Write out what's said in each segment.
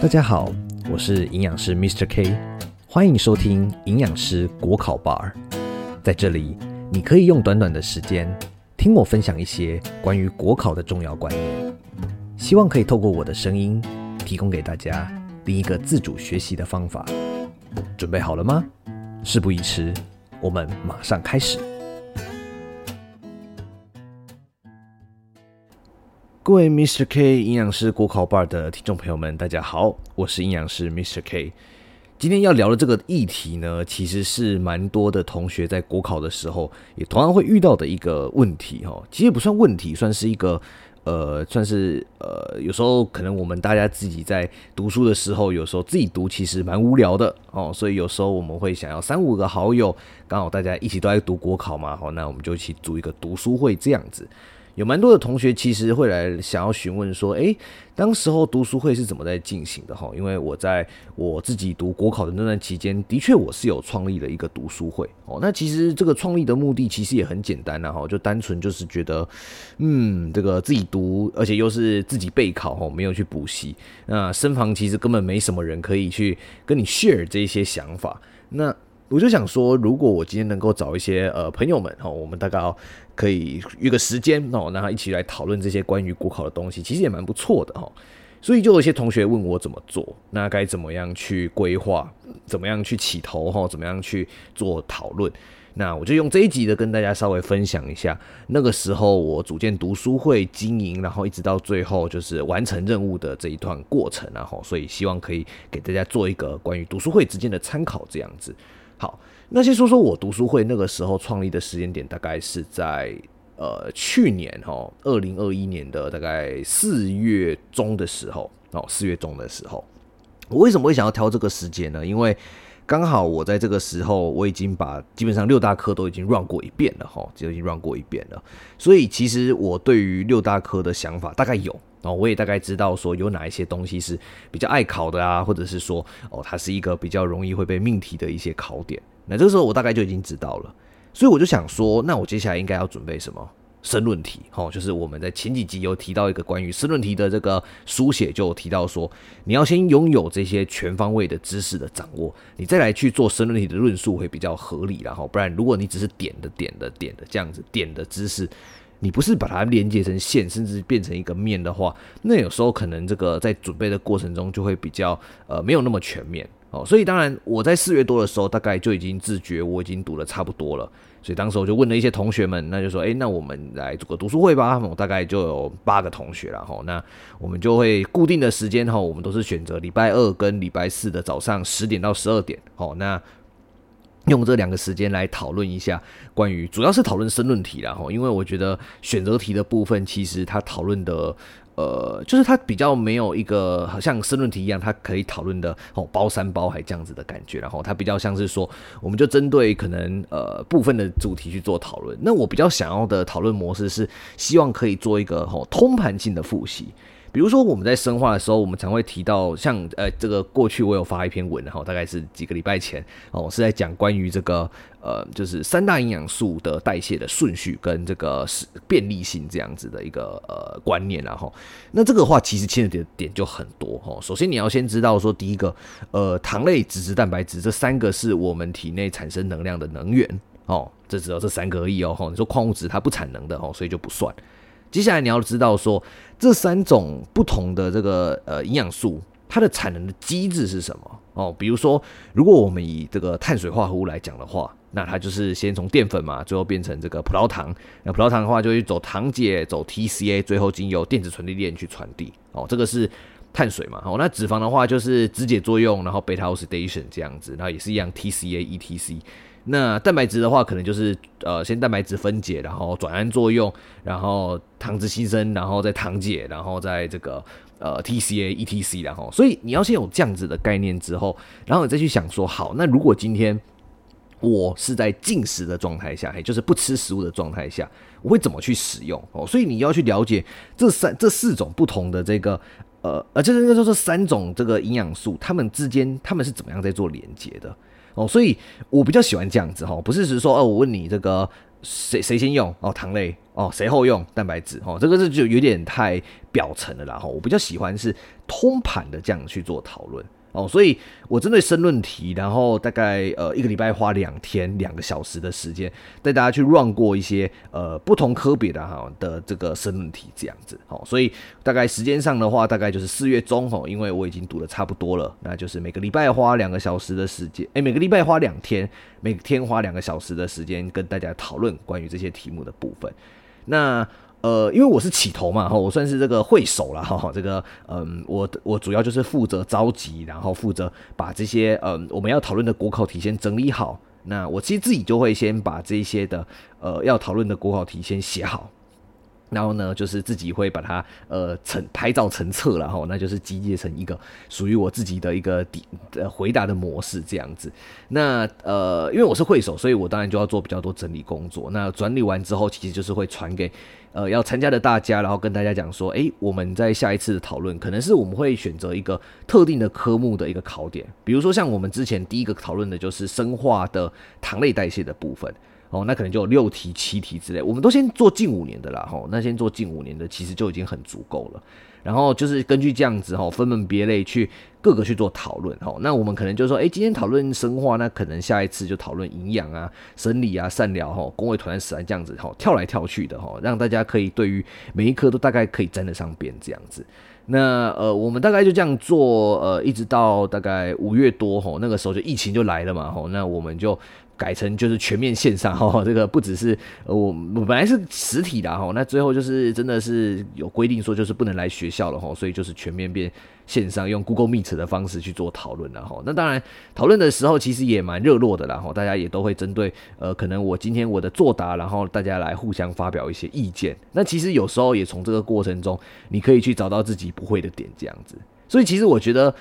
大家好，我是營養師 Mr. K，歡迎收聽營養師國考 bar。在這裡，你可以用短短的時間聽我分享一些關於國考的重要觀念，希望可以透過我的聲音，提供給大家另一個自主學習的方法。準備好了嗎？事不宜遲，我們馬上開始。各位 Mr. K 營養師國考班的聽眾朋友們，大家好，我是營養師 Mr. K。今天要聊的這個議題呢，其實是蠻多的同學在國考的時候，也同樣會遇到的一個問題哈。其實不算問題，算是一個呃，算是呃，有時候可能我們大家自己在讀書的時候，有時候自己讀其實蠻無聊的哦，所以有時候我們會想要三五個好友，剛好大家一起都在讀國考嘛，好，那我們就一起組一個讀書會這樣子。有蠻多的同學其實會來想要詢問說，誒，當時候讀書會是怎麼在進行的哈？因為我在我自己讀國考的那段期間，的確我是有創立了一個讀書會哦。那其實這個創立的目的其實也很簡單哈，啊，就單純就是覺得，嗯，這個自己讀，而且又是自己備考哈，沒有去補習，那身旁其實根本沒什麼人可以去跟你 share 這一些想法，那。我就想說，如果我今天能夠找一些呃朋友們哈，我們大概可以約個時間，然後一起來討論這些關於國考的東西，其實也蠻不錯的哈。所以就有一些同學問我怎麼做，那該怎麼樣去規劃，怎麼樣去起頭哈，怎麼樣去做討論。那我就用這一集的跟大家稍微分享一下，那個時候我組建讀書會經營，然後一直到最後就是完成任務的這一段過程，然後所以希望可以給大家做一個關於讀書會之間的參考，這樣子。好，那先說說我讀書會那個時候創立的時間點，大概是在呃去年哈，二零二一年的大概四月中的時候哦，四月中的時候，我為什麼會想要挑這個時間呢？因為剛好我在這個時候，我已經把基本上六大科都已經 run 過一遍了哈，就已經 run 過一遍了，所以其實我對於六大科的想法大概有。哦，我也大概知道說有哪一些東西是比較愛考的啊，或者是說哦，它是一個比較容易會被命題的一些考點。那這個時候我大概就已經知道了，所以我就想說，那我接下來應該要準備什麼？申論題。哦，就是我們在前幾集有提到一個關於申論題的這個書寫，就提到說你要先擁有這些全方位的知識的掌握，你再來去做申論題的論述會比較合理，然後、哦、不然如果你只是點的點的點的這樣子點的知識。你不是把它連接成線，甚至變成一個面的話，那有時候可能這個在準備的過程中就會比較，呃，沒有那麼全面哦。所以當然我在四月多的時候，大概就已經自覺我已經讀得差不多了，所以當時我就問了一些同學們，那就說誒、欸，那我們來組個讀書會吧，我大概就有八個同學了哈、哦，那我們就會固定的時間哈、哦，我們都是選擇禮拜二跟禮拜四的早上十點到十二點哦，那。用這兩個時間來討論一下關於，主要是討論申論題啦。吼，因為我覺得選擇題的部分其實它討論的，呃，就是它比較沒有一個好像申論題一樣，它可以討論的哦，包山包海這樣子的感覺，然後它比較像是說，我們就針對可能呃部分的主題去做討論。那我比較想要的討論模式是，希望可以做一個吼通盤性的複習。比如說我們在生化的時候，我們常會提到像呃、欸、這個過去我有發一篇文，大概是幾個禮拜前哦，是在講關於這個呃就是三大營養素的代謝的順序跟這個便利性這樣子的一個呃觀念然、啊、後、哦、那這個話其實牽扯的點就很多哦。首先你要先知道說，第一個呃糖類、脂質、蛋白質這三個是我們體內產生能量的能源哦，這只有這三個而已哦。哦，你說礦物質它不產能的哦，所以就不算。接下來你要知道說，這三種不同的這個呃營養素，它的產能的機制是什麼哦？比如說，如果我們以這個碳水化合物來講的話，那它就是先從澱粉嘛，最後變成這個葡萄糖。那葡萄糖的話，就會走糖解，走 TCA，最後經由電子傳遞鏈去傳遞哦。這個是碳水嘛？哦，那脂肪的話就是脂解作用，然後 beta oxidation 這樣子，然後也是一樣 TCA ETC。那蛋白質的話，可能就是呃，先蛋白質分解，然後轉氨作用，然後糖質新生，然後再糖解，然後在這個呃 T C A E T C 然後，所以你要先有這樣子的概念之後，然後你再去想說，好，那如果今天我是在禁食的狀態下，也，就是不吃食物的狀態下，我會怎麼去使用哦？所以你要去了解這三這四種不同的這個呃呃，這這這這這三種這個營養素，它們之間它們是怎麼樣在做連接的？哦，所以我比較喜歡這樣子哈，不是只是說哦、啊，我問你這個誰誰先用哦，糖類哦，誰後用蛋白質哦，這個是就有點太表層的啦哦，我比較喜歡是通盤的這樣去做討論。哦，所以我針對申論題，然後大概呃一個禮拜花兩天兩個小時的時間帶大家去 run 過一些呃不同科別的哈、哦、的這個申論題這樣子。哦，所以大概時間上的話，大概就是四月中哦，因為我已經讀的差不多了，那就是每個禮拜花兩個小時的時間，誒、欸，每個禮拜花兩天，每天花兩個小時的時間跟大家討論關於這些題目的部分。那呃，因為我是起頭嘛，哈，我算是這個會首了，哈，這個，嗯，我我主要就是負責召集，然後負責把這些，嗯，我們要討論的國考題先整理好。那我其實自己就會先把這些的，呃，要討論的國考題先寫好，然後呢，就是自己會把它，呃，成拍照成冊了，哈，那就是集結成一個屬於我自己的一個回答的模式這樣子。那呃，因為我是會首，所以我當然就要做比較多整理工作。那整理完之後，其實就是會傳給。呃，要參加的大家，然後跟大家講說，哎，我們在下一次的討論，可能是我們會選擇一個特定的科目的一個考點，比如說像我們之前第一個討論的就是生化的糖類代謝的部分。哦，那可能就有六題、七題之類，我們都先做近五年的啦。吼、哦，那先做近五年的，其實就已經很足夠了。然後就是根據這樣子，吼、哦，分門別類去各個去做討論。吼、哦，那我們可能就說，誒、欸，今天討論生化，那可能下一次就討論營養啊、生理啊、膳療吼、公衛團膳這樣子，吼、哦，跳來跳去的，吼、哦，讓大家可以對於每一科都大概可以沾得上邊這樣子。那呃，我們大概就這樣做，呃，一直到大概五月多，吼、哦，那個時候就疫情就來了嘛，吼、哦，那我們就。改成就是全面線上哈，這個不只是我，我本來是實體的哈，那最後就是真的是有規定說，就是不能來學校了哈，所以就是全面變線上，用 Google Meet 的方式去做討論了哈。那當然討論的時候其實也蠻熱絡的啦哈，大家也都會針對呃，可能我今天我的作答，然後大家來互相發表一些意見。那其實有時候也從這個過程中，你可以去找到自己不會的點這樣子。所以其實我覺得，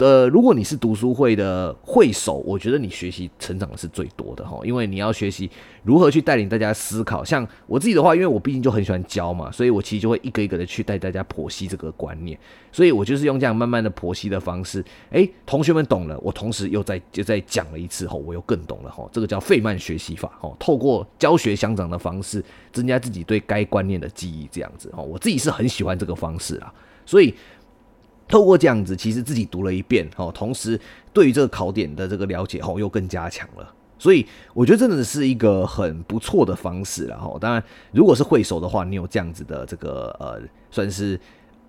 呃，如果你是讀書會的會手，我覺得你學習成長的是最多的，因為你要學習如何去帶領大家思考。像我自己的話，因為我畢竟就很喜歡教嘛，所以我其實就會一個一個的去帶大家剖析這個觀念。所以我就是用這樣慢慢的剖析的方式，誒，同學們懂了，我同時又在就在講了一次後，我又更懂了，這個叫費曼學習法，透過教學相長的方式，增加自己對該觀念的記憶，這樣子，我自己是很喜歡這個方式啊，所以。透過這樣子，其實自己讀了一遍哦，同時對於這個考點的這個了解哦，又更加強了。所以我覺得真的是一個很不錯的方式。然後當然，如果是會手的話，你有這樣子的這個呃，算是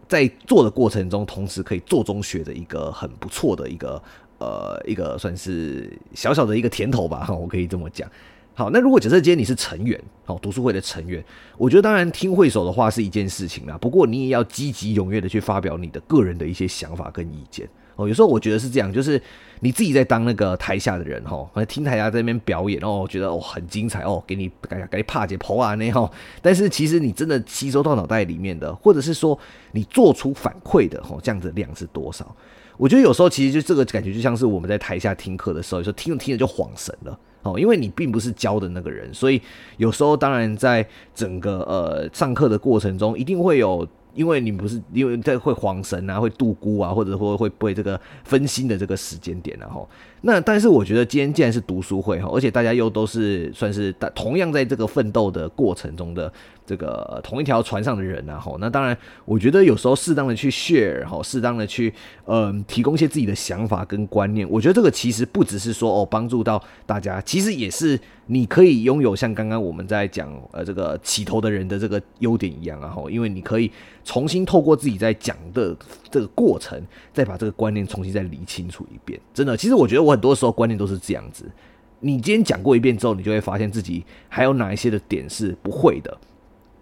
在做的過程中，同時可以做中學的一個很不錯的一個呃一個算是小小的一個甜頭吧，我可以這麼講。好，那如果假設今天你是成員，好、哦，讀書會的成員，我覺得當然聽會首的話是一件事情啦。不過你也要積極踴躍的去發表你的個人的一些想法跟意見哦。有時候我覺得是這樣，就是你自己在當那個台下的人哈、哦，聽台下在那邊表演，哦，覺得哦很精彩哦，給你給你給帕姐跑啊呢哈。但是其實你真的吸收到腦袋裡面的，或者是說你做出反饋的哈、哦，這樣子的量是多少？我覺得有時候其實就這個感覺，就像是我們在台下聽課的時候，有時候聽着聽着就恍神了。哦，因為你並不是教的那個人，所以有時候當然在整個呃上課的過程中，一定會有。因為你不是，因為這會恍神啊，會度孤啊，或者會會被這個分心的這個時間點、啊，然後那但是我覺得今天既然是讀書會哈，而且大家又都是算是同樣在這個奮鬥的過程中的這個同一條船上的人、啊，然後那當然我覺得有時候適當的去 share 哈，適當的去嗯、呃、提供一些自己的想法跟觀念，我覺得這個其實不只是說哦幫助到大家，其實也是。你可以擁有像剛剛我們在講，呃，這個起頭的人的這個優點一樣，然後，因為你可以重新透過自己在講的這個過程，再把這個觀念重新再理清楚一遍。真的，其實我覺得我很多時候觀念都是這樣子。你今天講過一遍之後，你就會發現自己還有哪一些的點是不會的。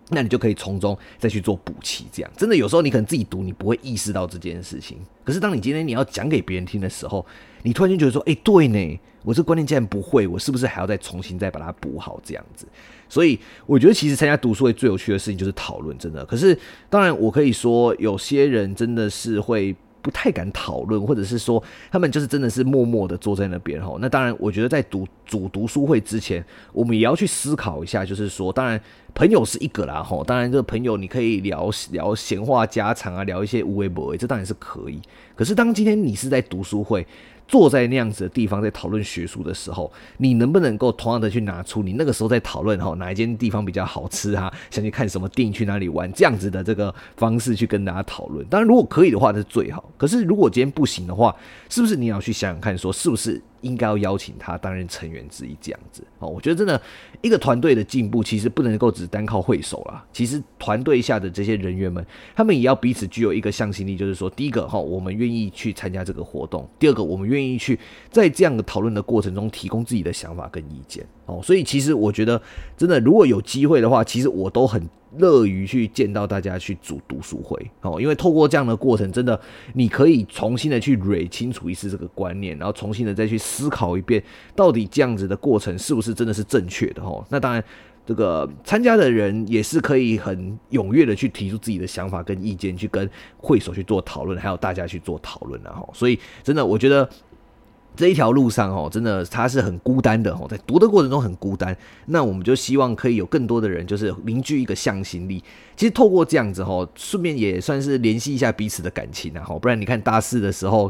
那你就可以從中再去做補齊，這樣真的有時候你可能自己讀你不會意識到這件事情，可是當你今天你要講給別人聽的時候，你突然間覺得說，誒、欸，對呢，我這觀念竟然不會，我是不是還要再重新再把它補好這樣子？所以我覺得其實參加讀書會最有趣的事情就是討論，真的。可是當然我可以說，有些人真的是會。不太敢討論，或者是說他們就是真的是默默的坐在那邊吼，那當然，我覺得在讀主讀書會之前，我們也要去思考一下，就是說，當然朋友是一個啦吼，當然這個朋友你可以聊聊閒話家常啊，聊一些有的沒的，這當然是可以。可是當今天你是在讀書會。坐在那樣子的地方，在討論學術的時候，你能不能夠同樣的去拿出你那個時候在討論哈哪一間地方比較好吃哈、啊，想去看什麼電影，去哪裡玩這樣子的這個方式去跟大家討論？當然，如果可以的話，這是最好。可是如果今天不行的話，是不是你要去想想看，說是不是？應該要邀請他擔任成員之一，這樣子哦，我覺得真的一個團隊的進步，其實不能夠只單靠會手啦。其實團隊下的這些人員們，他們也要彼此具有一個向心力，就是說，第一個哈，我們願意去參加這個活動；第二個，我們願意去在這樣的討論的過程中提供自己的想法跟意見。哦，所以其實我覺得，真的，如果有機會的話，其實我都很樂於去見到大家去組讀書會哦，因為透過這樣的過程，真的你可以重新的去釐清楚一次這個觀念，然後重新的再去思考一遍，到底這樣子的過程是不是真的是正確的哦，那當然，這個參加的人也是可以很踴躍的去提出自己的想法跟意見，去跟會所去做討論，還有大家去做討論了哈。所以，真的，我覺得。這一條路上，哦，真的他是很孤單的，哦，在讀的過程中很孤單。那我們就希望可以有更多的人，就是凝聚一個向心力。其實透過這樣子，哦，順便也算是聯繫一下彼此的感情啊，哦，不然你看大四的時候，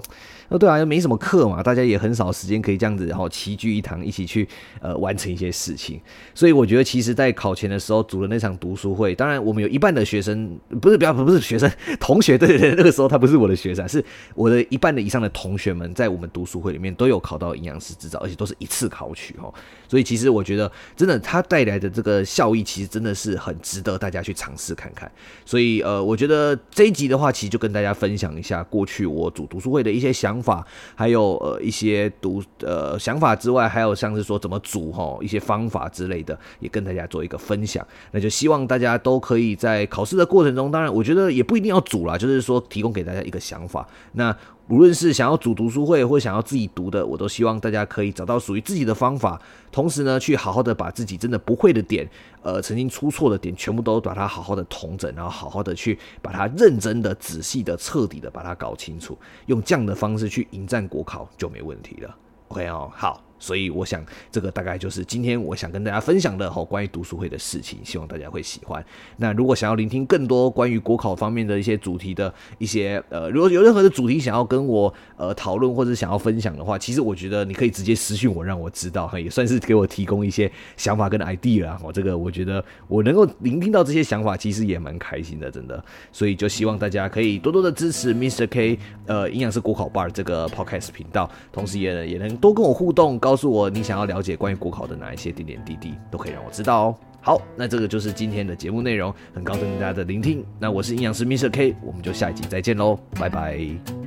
呃，對啊，又沒什麼課嘛，大家也很少時間可以這樣子，然後齊聚一堂，一起去呃完成一些事情。所以我覺得，其實，在考前的時候，組了那場讀書會，當然我們有一半的學生，不是不要，不是學生，同學，對對對，那個時候他不是我的學生，是我的一半的以上的同學們，在我們讀書會裡面。都有考到營養師執照，而且都是一次考取哦，所以其實我覺得，真的它帶來的這個效益，其實真的是很值得大家去嘗試看看。所以呃，我覺得這一集的話，其實就跟大家分享一下過去我組讀書會的一些想法，還有呃一些讀呃想法之外，還有像是說怎麼組，哦，一些方法之類的，也跟大家做一個分享。那就希望大家都可以在考試的過程中，當然我覺得也不一定要組啦，就是說提供給大家一個想法。那無論是想要組讀書會，或想要自己讀的，我都希望大家可以找到屬於自己的方法。同時呢，去好好的把自己真的不會的點，呃，曾經出錯的點，全部都把它好好的統整，然後好好的去把它認真的、仔細的、徹底的把它搞清楚。用這樣的方式去迎戰國考就沒問題了。OK 哦，好。所以我想，這個大概就是今天我想跟大家分享的哈，關於讀書會的事情，希望大家會喜歡。那如果想要聆聽更多關於國考方面的一些主題的，一些呃，如果有任何的主題想要跟我呃討論或者想要分享的話，其實我覺得你可以直接私訊我，讓我知道哈，也算是給我提供一些想法跟 idea 了。我這個我覺得我能夠聆聽到這些想法，其實也蠻開心的，真的。所以就希望大家可以多多的支持 Mr.K 呃營養師國考班這個 podcast 頻道，同時也也能多跟我互動。告訴我你想要了解關於國考的哪一些點點滴滴，都可以讓我知道哦。好，那這個就是今天的節目內容，很高興大家的聆聽。那我是營養師 Mr. K，我們就下一集再見嘍，拜拜。